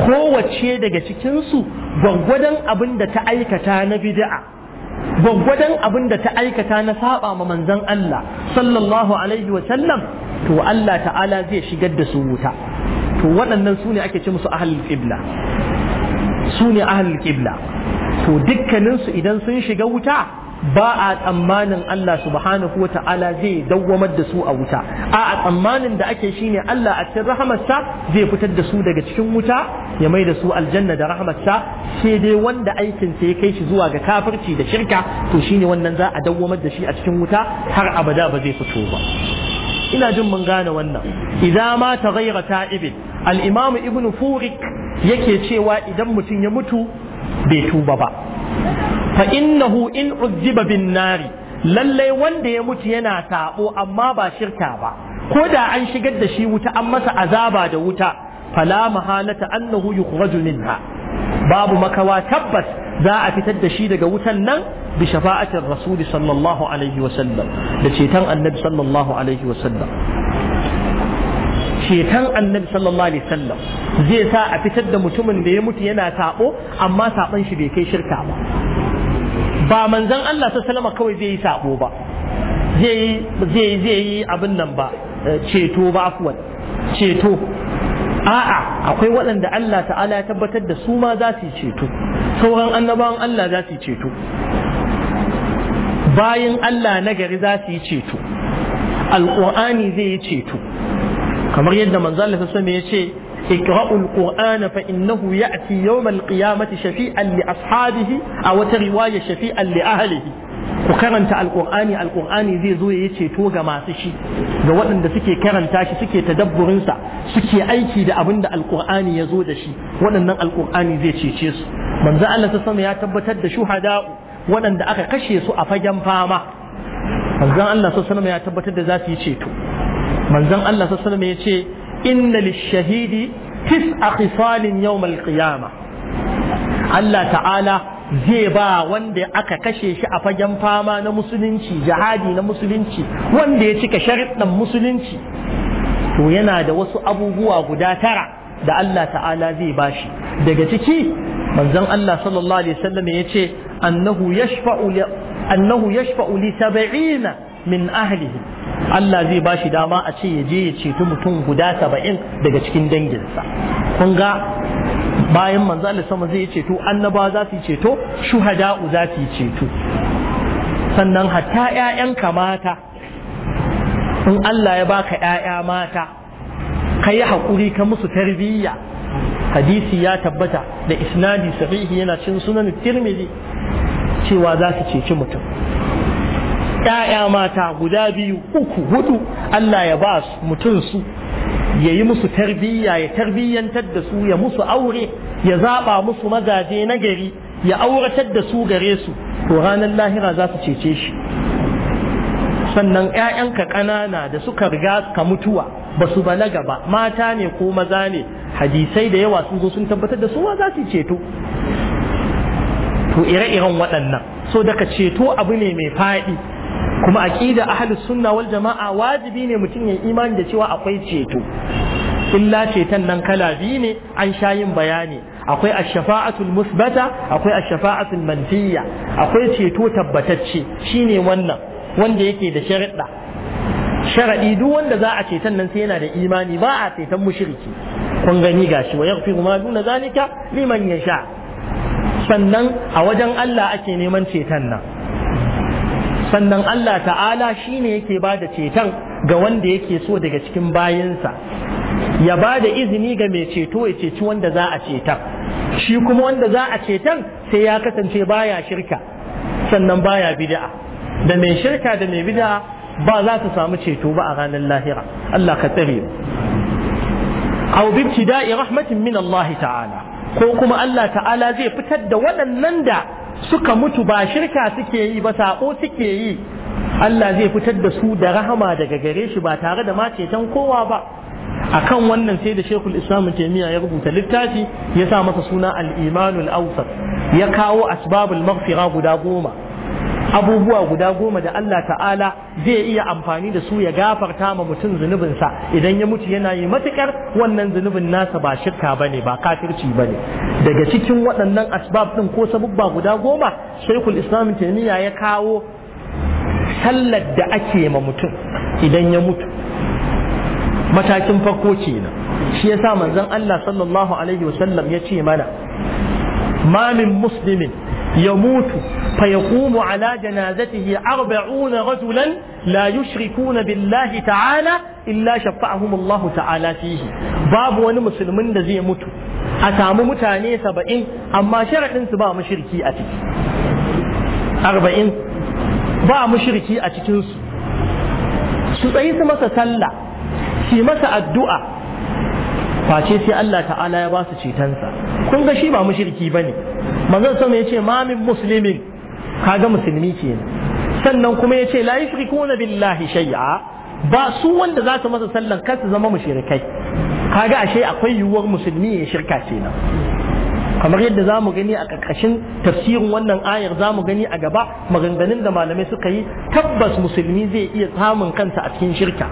kowace daga cikin su gwangwadon abin da ta aikata na bid'a gwangwadon abin da ta aikata na saba ma manzon Allah sallallahu alaihi wa sallam to Allah ta'ala zai shigar da su wuta to waɗannan su ne ake ce musu ahlul qibla su ne ahlul qibla to dukkaninsu idan sun shiga wuta ba a tsammanin Allah subhanahu wa ta'ala zai dawwamar da su a wuta a a tsammanin da ake shine Allah a cikin rahamarsa zai fitar da su daga cikin wuta ya mai da su aljanna da rahamarsa sai dai wanda aikin sa ya kai shi zuwa ga kafirci da shirka to shine wannan za a dawwamar da shi a cikin wuta har abada ba zai fito ba ina jin mun gane wannan Iza ma ta ghaira ta'ibin al-imam ibnu furik yake cewa idan mutum ya mutu bai tuba ba fa innahu in uzziba bin nari lallai wanda ya mutu yana sabo amma ba shirka ba ko da an shigar da shi wuta an masa azaba da wuta fala mahalata annahu yukhraju minha babu makawa tabbas za a fitar da shi daga wutan nan bi shafa'atin rasuli sallallahu alaihi wa sallam da cetan annabi sallallahu alaihi wa sallam Cetan annabi sallallahu alaihi wa sallam zai sa a fitar da mutumin da ya mutu yana sabo amma saban shi bai kai shirka ba ba manzan Allah ta salama kawai zai yi sabo ba zai yi abin nan ba eh, ceto ba afuwan ceto a'a akwai waɗanda Allah ta'ala ya tabbatar da su ma za su ceto sauran annabawan Allah za su ceto bayan Allah na gari za su yi ceto alƙur'ani zai yi ceto kamar yadda manzo Allah ta ya ce اقرأوا القرآن فإنه يأتي يوم القيامة شفيعا لأصحابه أو رواية شفيعا لأهله ku karanta alkur'ani alkur'ani zai zo ya ceto ga masu shi ga waɗanda suke karanta shi suke tadabburinsa suke aiki da abin da alkur'ani ya zo da shi waɗannan alkur'ani zai cece su manzo Allah ya tabbatar da shuhada'u waɗanda aka kashe su a fagen fama manzon Allah ya tabbatar da za su yi ceto manzon Allah ya ce inna lishahidi a kisalin yawmal qiyama Allah ta'ala zai ba wanda aka kashe shi a fagen fama na musulunci jihadi na musulunci wanda ya cika sharuɗan musulunci to yana da wasu abubuwa guda tara da Allah ta'ala zai ba shi. daga ciki manzon Allah sallallahu alaihi wasallam ya ce annahu yashfa'u annahu yashfa'u li sab'ina min ahlihi Allah zai ba shi dama a ce ya je ya ceto mutum guda saba'in daga cikin danginsa kun ga bayan manzo Allah sama zai ceto annabawa za su ceto shuhada'u za su ceto sannan hatta 'ya'yanka mata in Allah ya baka 'ya'ya mata ka yi haƙuri ka musu tarbiyya hadisi ya tabbata da isnadi sahihi yana cin sunan tirmidhi cewa za su ceci mutum 'ya'ya mata guda biyu uku hudu Allah ya ba mutum su ya yi musu tarbiyya ya tarbiyyantar da su ya musu aure ya zaɓa musu mazaje na gari ya auratar da su gare su to ranar lahira za su cece shi sannan 'ya'yanka ƙanana da suka riga ka mutuwa ba su balaga ba mata ne ko maza ne hadisai da yawa sun zo sun tabbatar da su ma za su ceto to ire-iren waɗannan so daga ceto abu ne mai faɗi kuma aqida ahlus sunna wal jama'a wajibi ne mutum ya imani da cewa akwai ceto illa ceton nan kala biyu ne an sha yin bayani akwai ash-shafa'atul musbata akwai ash-shafa'atul manfiya akwai ceto tabbatacce shine wannan wanda yake da sharuɗa sharaɗi duk wanda za a ceton nan sai yana da imani ba a ceton mushriki kun gani gashi wa yaghfiru ma duna zalika liman yasha sannan a wajen Allah ake neman ceton nan sannan Allah ta'ala shine yake ba da ceton ga wanda yake so daga cikin bayansa. ya ba da izini ga mai ceto ya ceci wanda za a cetan shi kuma wanda za a cetan sai ya kasance baya shirka sannan baya bid'a da mai shirka da mai bid'a ba za su samu ceto ba a ranar lahira Allah ka tsare mu aw rahmatin min Allah ta'ala ko kuma Allah ta'ala zai fitar da waɗannan da suka mutu ba shirka suke yi ba saƙo suke yi Allah zai fitar da su da rahama daga gare shi ba tare da macetan kowa ba akan wannan sai da shekul islam taimiyya ya rubuta littafi ya sa masa suna al-imanul ya kawo asbabul maghfira guda goma abubuwa guda goma da Allah ta'ala zai iya amfani da su ya gafarta ma mutum zunubinsa idan ya mutu yana yi matukar wannan zunubin nasa ba shirka ba ne ba kafirci ba ne. daga cikin waɗannan asbab ɗin ko sabubba guda goma shaikul islam taimiyya ya kawo sallar da ake ma mutum idan ya mutu matakin farko kenan shi ya yasa manzon Allah sallallahu alaihi wasallam ya ce mana mamin min يموت فيقوم على جنازته أربعون رجلا لا يشركون بالله تعالى إلا شفعهم الله تعالى فيه باب وني مسلمين زي متو أتامو متاني سبعين أما شرع سبا مشركي أتي أربعين با مشركي أتي تنسو سبعين سمسا سلا سمسا الدعاء face sai Allah ta'ala ya ba su cetonsa kun ga shi ba mushriki bane manzon sama ya ce ma min muslimin kaga musulmi kenan sannan kuma ya ce la yushrikuna billahi shay'a ba su wanda za su masa sallan kar su zama mushrikai kaga ashe akwai yiwuwar musulmi ya shirka kenan kamar yadda zamu gani a karkashin tafsirin wannan ayar zamu gani a gaba maganganun da malamai suka yi tabbas musulmi zai iya samun kansa a cikin shirka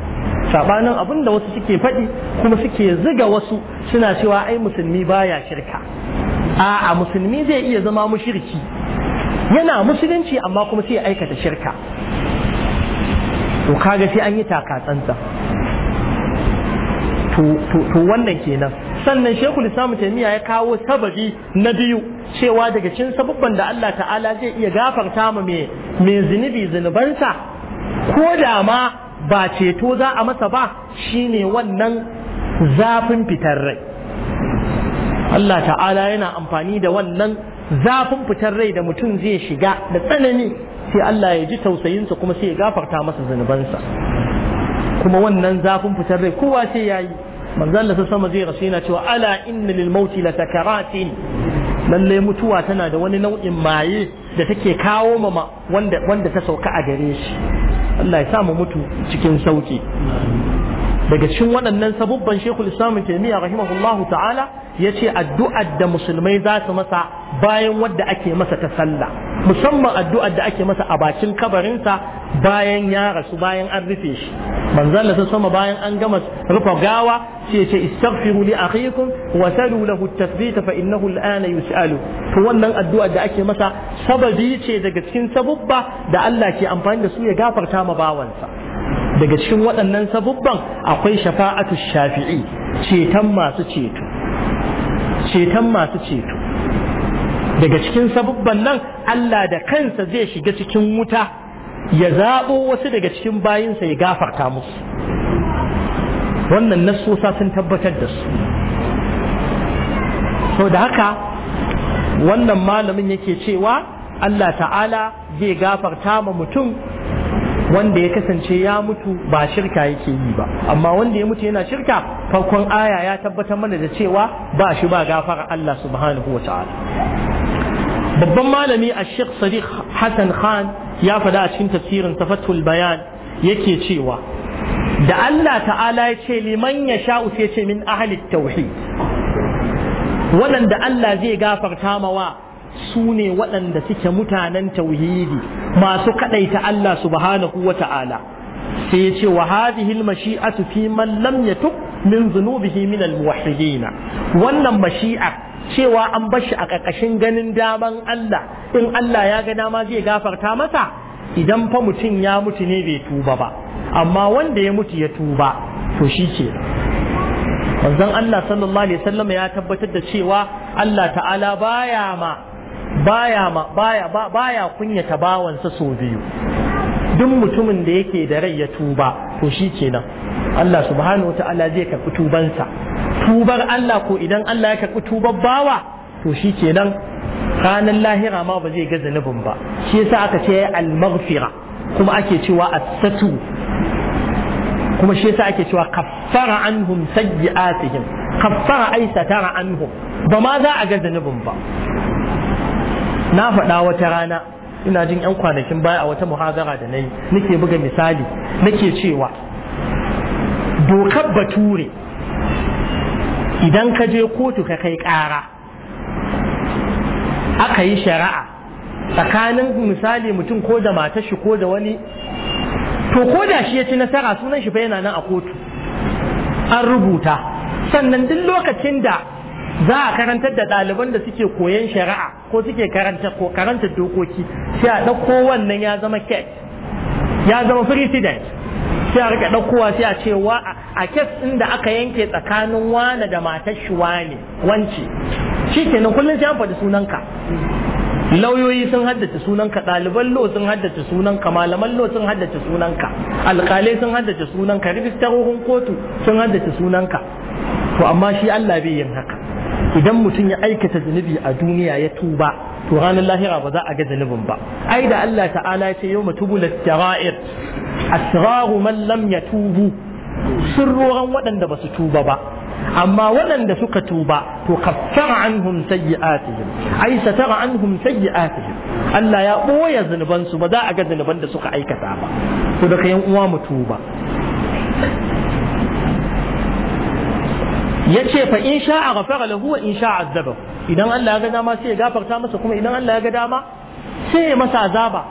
sabanin abinda wasu suke faɗi kuma suke ziga wasu suna cewa ai musulmi baya shirka 'a musulmi zai iya zama mushirki yana musulunci amma kuma sai ya aikata shirka to kaga sai an yi takatsantsa to wannan kenan sannan shekul islamu taimiyya ya kawo sababi na biyu cewa daga cikin sababban da Allah ta'ala zai iya gafarta mu mai zunubi zunubansa ko da ma ba ceto za a masa ba shine wannan zafin fitar rai Allah ta'ala yana amfani da wannan zafin fitar rai da mutum zai shiga da tsanani sai Allah ya ji tausayinsa kuma sai ya gafarta masa zunubansa kuma wannan zafin fitar rai kowa sai yayi manzon Allah sama zai rasu yana cewa ala inna lil mauti la sakaratin lalle mutuwa tana da wani nau'in maye da take kawo mama wanda wanda ta sauka a gare shi Allah ya sa mu mutu cikin sauki daga cikin waɗannan sabubban shekul islam taimiyya rahimahullahu ta'ala ya ce addu'ar da musulmai za su masa bayan wadda ake masa ta sallah musamman addu'ar da ake masa a bakin kabarinsa bayan ya rasu bayan an rufe shi manzon da sama bayan an gama rufe gawa sai ce istaghfiru li akhikum wa salu lahu at fa innahu al yus'alu to wannan addu'a da ake masa sababi ce daga cikin sabubba da Allah ke amfani da su ya gafarta ma bawansa daga cikin waɗannan sabubban akwai shafa'atu shafi'i ceton masu ceto ceton masu ceto daga cikin sabubban nan Allah da kansa zai shiga cikin wuta ya zaɓo wasu daga cikin bayinsa ya gafarta musu wannan nassosa sun tabbatar da su sau da haka wannan malamin yake cewa Allah ta'ala zai gafarta ma mutum wanda ya kasance ya mutu ba shirka yake yi ba amma wanda ya mutu yana shirka farkon aya ya tabbatar mana da cewa ba shi ba gafara Allah subhanahu wata'ala babban malami a sheikh sadiq hassan khan ya faɗa a cikin tafsirin tafatul bayan yake cewa da Allah ta'ala ya ce liman ya sha sai ce min ahli tauhid waɗanda Allah zai gafarta mawa su ne waɗanda suke mutanen tauhidi masu kaɗaita Allah subhanahu wa ta'ala sai ya ce wa hadhihi al fi man lam yatub min dhunubihi min al-muwahhidin wannan mashi'a cewa an bashi a ƙarƙashin ganin daman Allah in Allah ya ga dama zai gafarta masa idan fa mutum ya mutu ne bai tuba ba amma wanda ya mutu ya tuba to shi manzon Allah sallallahu alaihi wasallam ya tabbatar da cewa Allah ta'ala baya ma baya baya baya kunyata bawansa so biyu duk mutumin da yake da rai ya tuba to shi kenan Allah subhanahu wa ta'ala zai karɓi tubansa tubar Allah ko idan Allah ya karɓi tubar bawa to shi ranar lahira ma ba zai ga zanubin ba shi yasa aka ce al-maghfira kuma ake cewa as-satu kuma shi yasa ake cewa kaffara anhum sayyi'atihim kaffara ai satara anhum ba ma za a ga zanubin ba na faɗa wata rana ina jin 'yan kwanakin baya a wata muhazara da na nake buga misali nake cewa dokar bature idan ka je kotu ka kai ƙara aka yi shari'a tsakanin misali mutum ko da matar shi ko da wani to ko da shi ya ci nasara sunan shi fa yana nan a kotu an rubuta sannan duk lokacin da za a karantar da ɗaliban da suke koyan shari'a ko suke karanta dokoki sai a ɗauko wannan ya zama ket ya zama president sai a rike ɗaukowa sai a ce wa a kes ɗin da aka yanke tsakanin wane da matar shi wane wance shi ke nan kullum sai an faɗi sunanka lauyoyi sun haddace sunanka ɗaliban lo sun haddace sunanka malaman lo sun haddace sunanka alƙalai sun haddace sunanka rijistarorin kotu sun haddace sunanka to amma shi Allah bai yin haka idan mutum ya aikata zunubi a duniya ya tuba to ranar lahira ba za a ga zunubin ba ai da Allah ta'ala ya ce yau matubu lastira'ir asraru man lam yatubu sirroran waɗanda ba su tuba ba amma waɗanda suka tuba to kaffara anhum sayyi'atihim ai satara anhum sayyi'atihim Allah ya ɓoye zunubansu ba za a ga zunuban da suka aikata ba to da yan uwa mu tuba ya ce fa in sha'a ghafara lahu wa in sha'a azaba idan Allah ya ga dama sai ya gafarta masa kuma idan Allah ya ga dama sai ya masa azaba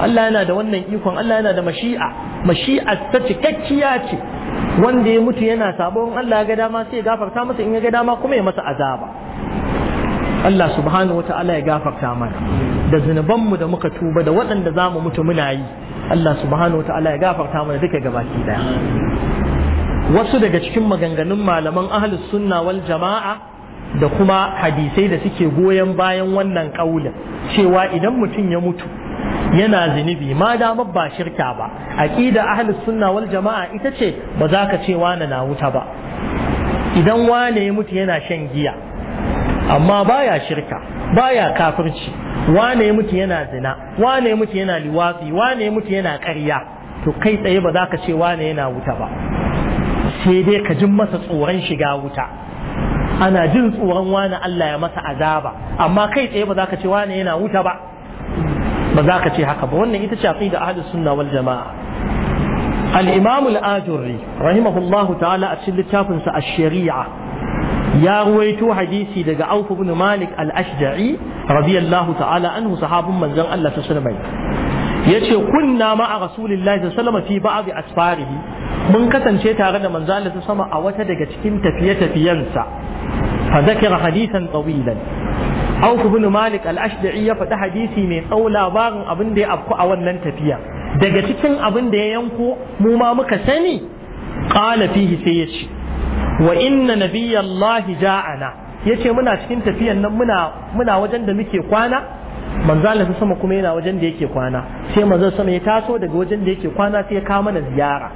Allah yana da wannan ikon Allah yana da mashi'a mashi'a ta cikakkiya ce wanda ya mutu yana sabo in Allah ya ga dama sai ya gafarta masa in ya ga dama kuma ya masa azaba Allah subhanahu wa ta'ala ya gafarta mana da mu da muka tuba da waɗanda za mu mutu muna yi Allah subhanahu wa ta'ala ya gafarta mana duka gabaki daya wasu daga cikin maganganun malaman ahlus sunna wal jama'a da kuma hadisai da suke goyon bayan wannan kaulin cewa idan mutum ya mutu yana zunubi ma damar ba shirka ba aqida ahlus sunna wal jama'a ita ce ba za ka ce wane na wuta ba idan wane ya mutu yana shan giya amma baya shirka baya kafirci wane ya mutu yana zina wane ya mutu yana liwafi wane ya mutu yana ƙarya to kai tsaye ba za ka ce wane yana wuta ba sai dai ka jin masa tsoron shiga wuta ana jin tsoron wani Allah ya masa azaba amma kai tsaye ba za ka ce wani yana wuta ba ba za ka ce haka ba wannan ita ce aqida ahlus sunna wal jamaa al imam al ajurri rahimahullahu ta'ala a cikin littafin sa ash-shari'a ya ruwaito hadisi daga Auf ibn Malik al-Ashja'i radiyallahu ta'ala anhu sahabun manzon Allah ta alaihi yace kunna ma'a rasulillahi sallallahu alaihi wasallam fi ba'd asfarihi mun kasance tare da manzo Allah sama a wata daga cikin tafiye tafiyansa fa zakira hadisan tawilan aw ibn Malik al-Ashda'i ya faɗi hadisi mai tsawo labarin abin da ya afku a wannan tafiya daga cikin abin da ya yanko mu ma muka sani qala fihi sai ya ce wa inna nabiyallahi ja'ana yace muna cikin tafiyan nan muna muna wajen da muke kwana manzo Allah sama kuma yana wajen da yake kwana sai manzo sama ya taso daga wajen da yake kwana sai ya kawo mana ziyara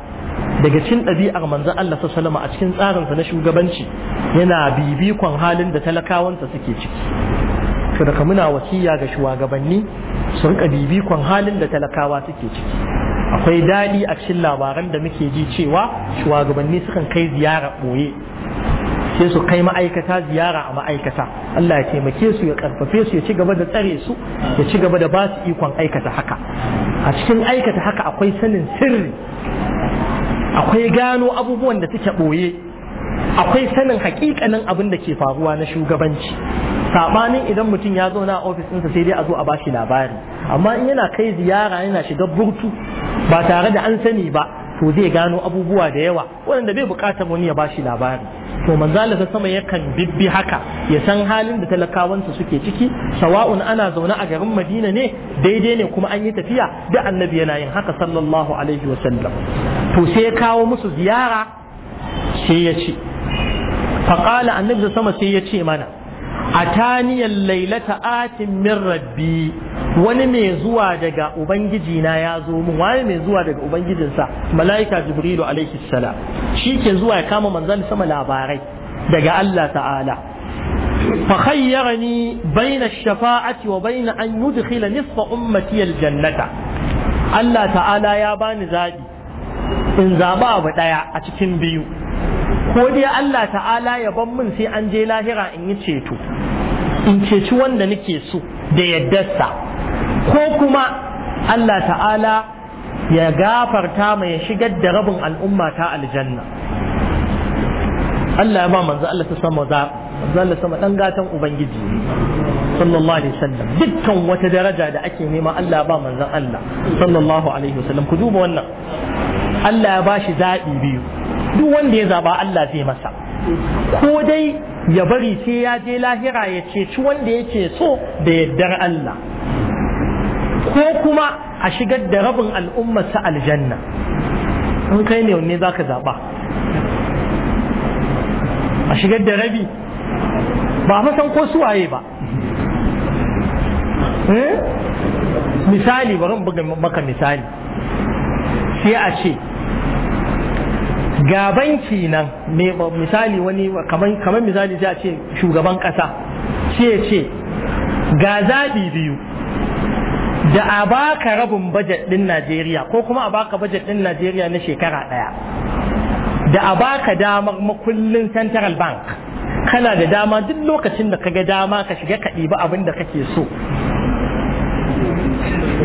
daga cin ɗabi'ar manzon Allah sallallahu a cikin tsarinsa na shugabanci yana bibikon halin da talakawansa suke ciki to daga muna wasiya ga shugabanni su rika bibikon halin da talakawa suke ciki akwai daɗi a cikin labaran da muke ji cewa shugabanni sukan kai ziyara ɓoye sai su kai ma'aikata ziyara a ma'aikata Allah ya taimake su ya karfafe su ya ci gaba da tsare su ya ci gaba da ba su ikon aikata haka a cikin aikata haka akwai sanin sirri akwai gano abubuwan da suke ɓoye akwai sanin hakikanin abin da ke faruwa na shugabanci sabanin idan mutum ya zo na ofis ɗinsa sai dai a zo a bashi labari amma in yana kai ziyara yana shiga burtu ba tare da an sani ba to zai gano abubuwa da yawa waɗanda bai bukatar wani ya shi labari to manzo Allah sama yakan bibbi haka ya san halin da talakawansa suke ciki sawa'un ana zaune a garin Madina ne daidai ne kuma an yi tafiya da annabi yana yin haka sallallahu alaihi wa sallam to sai ya kawo musu ziyara sai ya ce faqala annabi sama sai ya ce mana ataniyal lailata atin min rabbi wani mai zuwa daga ubangiji na ya zo min wani mai zuwa daga ubangijinsa mala'ika jibrilu alaihi salam shi ke zuwa ya kama manzon sama labarai daga Allah ta'ala فخيرني baina الشفاعة وبين أن يدخل نصف Allah Ta'ala ya bani يا in زادي abu زابا a cikin biyu ko dai Allah ta'ala ya ban min sai an je lahira in yi ceto in ceci wanda nake so da yaddarsa ko kuma Allah ta'ala ya gafarta mai ya shigar da rabin al'umma ta aljanna Allah ya ba manzo Allah ta sama za manzo Allah sama dan gatan ubangiji sallallahu alaihi wasallam dukkan wata daraja da ake nema Allah ya ba manzon Allah sallallahu alaihi wasallam ku duba wannan Allah ya bashi zaɓi biyu duk wanda ya zaba Allah zai masa ko dai ya bari sai ya je lahira ya ceci wanda yake so da yaddar Allah ko kuma a shigar da rabin al'ummarsa aljanna in kai ne wanne za ka zaɓa a shigar da rabi ba masan ko suwaye ba eh? misali bari buga maka misali sai a ce gaban kenan misali wani kamar misali za a ce shugaban ƙasa ce ce ga zaɓi biyu da a baka rabin bajet ɗin Najeriya ko kuma a baka bajet ɗin Najeriya na shekara ɗaya da a baka damar makullin central bank kana da dama duk lokacin da ka ga dama ka shiga ka ɗiba abin da kake so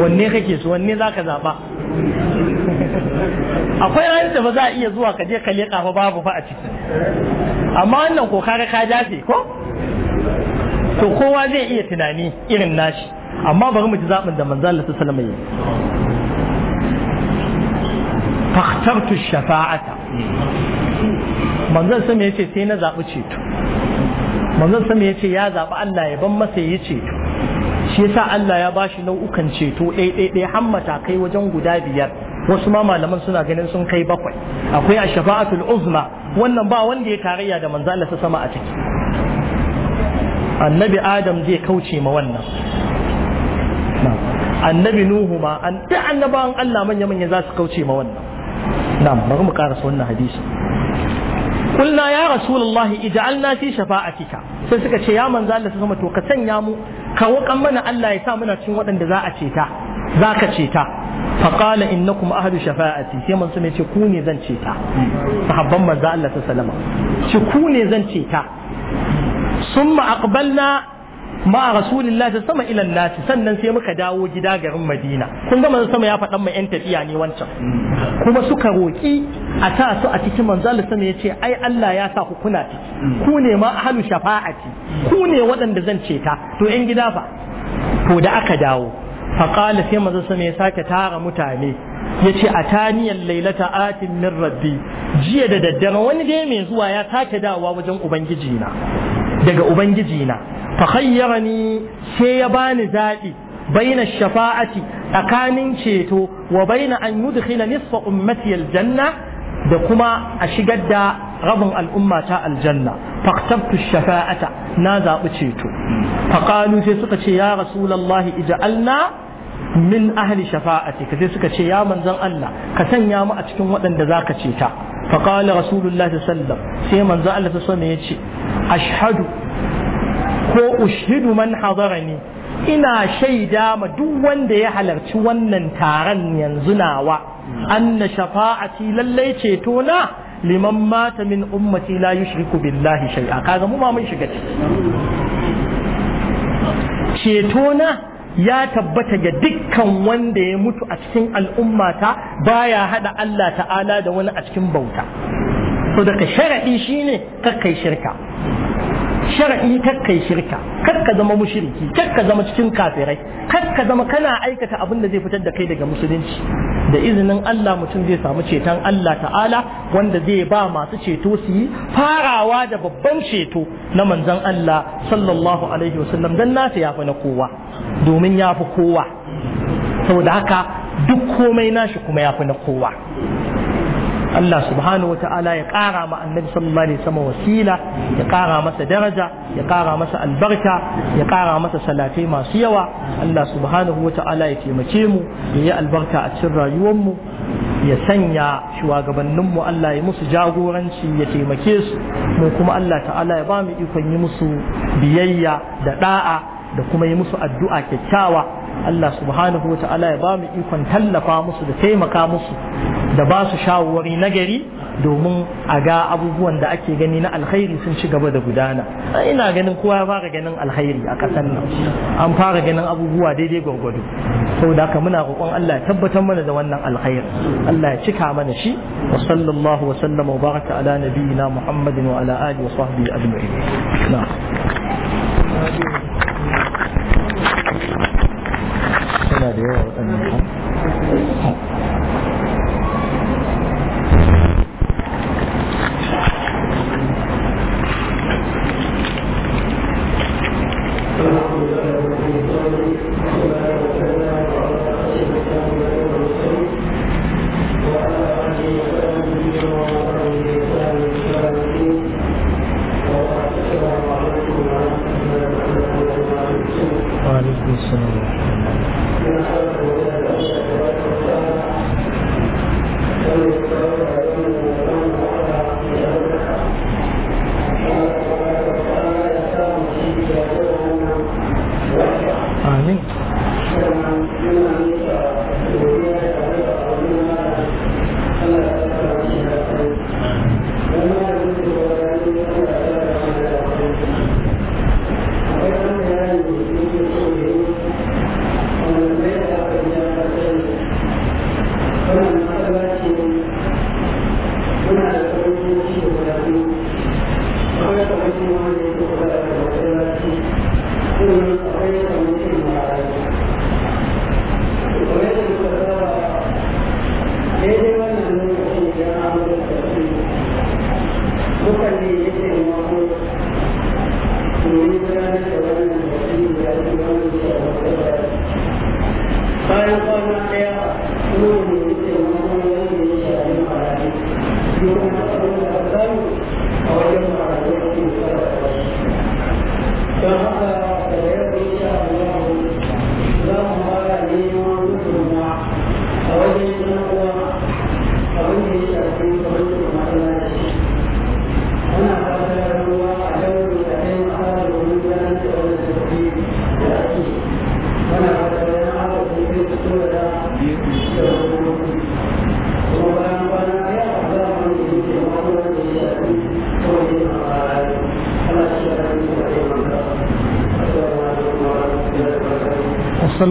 wanne kake so wanne za ka zaɓa akwai ranar da ba za a iya zuwa ka je ka leƙa ba babu fa a ciki amma wannan ko kaga ka jafe ko to kowa zai iya tunani irin nashi amma bari mu ji zaɓin da manzo Allah sallallahu alaihi wasallam fakhtartu shafa'ata manzo ya ce sai na zaɓi ceto manzo sama yace ya zaɓi Allah ya ban masa ya ceto shi yasa Allah ya bashi nau'ukan ceto ɗaiɗaiɗai ɗaya har matakai wajen guda biyar wasu ma malaman suna ganin sun kai bakwai akwai a shafa'atul uzma wannan ba wanda ya tarayya da manzo Allah sama a ciki annabi adam zai kauce ma wannan annabi nuhu ma an duk annabawan Allah manya manya za su kauce ma wannan na'am bari mu karasa wannan hadisi قلنا ya رسول الله اجعلنا في شفاعتك sai suka ce ya manzo Allah sama to ka sanya mu ka wukan mana Allah ya sa muna cikin waɗanda za a ceta za ka ceta فقال inna أهل shafa'ati sai man sun ce ku ne zan ce ta sahabban manzo Allah ta salama ce ku ne zan ce ta summa aqbalna ma rasulullahi ta sama ila nasi sannan sai muka dawo gida garin Madina kun ga manzo sama ya faɗan ma yan tafiya ne wancan kuma suka roki a ta su a cikin manzo Allah sama yace ai Allah ya sa ku kuna ciki ku ne ma ahlu shafa'ati ku ne waɗanda zan ce ta to yan gida fa to da aka dawo faƙala sai maza sama ya sake tara mutane ya ce a taniyar lailata atin min rabbi jiya da daddare wani dai mai zuwa ya sake dawa wajen ubangijina daga ubangijina fa khayyarani sai ya bani zaɓi baina shafa'ati tsakanin ceto wa baina an yudkhila nisfa ummati aljanna da kuma a shigar da rabin al'umma ta aljanna faktabtu shafa'ata na zaɓi ceto faƙalu sai suka ce ya rasulallahi ija'alna min ahli shafa'ati kaje suka ce ya manzon Allah ka sanya mu a cikin waɗanda zaka ce ta fa qala rasulullahi sallallahu sai manzon Allah ta sanya yace ashhadu ko ushidu man hadarani ina shaida ma duk wanda ya halarci wannan taron yanzu nawa anna shafa'ati lallai ceto na liman mata min ummati la yushriku billahi shay'a kaga mu ma mun shiga ceto na ya tabbata ga dukkan wanda ya mutu a cikin al'ummata baya hada Allah ta'ala da wani a cikin bauta to daga sharadi shine kakkai shirka sharaɗi kakkai shirka kakka zama mushriki kakka zama cikin kafirai kakka zama kana aikata abin da zai fitar da kai daga musulunci da izinin Allah mutum zai samu ceton Allah ta'ala wanda zai ba masu ceto su yi farawa da babban ceto na manzon Allah sallallahu alaihi wasallam dan nasa yafi na kowa domin ya fi kowa saboda haka duk komai nashi kuma ya fi na kowa Allah subhanahu ta'ala ya ƙara ma annabi sallallahu alaihi wasallam wasila ya ƙara masa daraja ya ƙara masa albarka ya ƙara masa salatai masu yawa Allah subhanahu ta'ala ya taimake mu ya yi albarka a cikin rayuwar mu ya sanya mu Allah ya musu jagoranci ya taimake su mu kuma Allah ta'ala ya ba mu ikon yi musu biyayya da da'a da kuma yi musu addu'a kyakkyawa Allah subhanahu wata'ala ya ba mu ikon tallafa musu da taimaka musu da ba su shawarwari nagari domin a ga abubuwan da ake gani na alkhairi sun ci gaba da gudana ina ganin kowa ya fara ganin alkhairi a ƙasar nan an fara ganin abubuwa daidai gwargwado da haka muna roƙon Allah ya tabbatar mana da wannan alkhairi Allah ya cika mana shi wa sallallahu wa sallama wa baraka ala nabiyyina Muhammadin wa ala alihi wa sahbihi ajma'in na'am 那得我。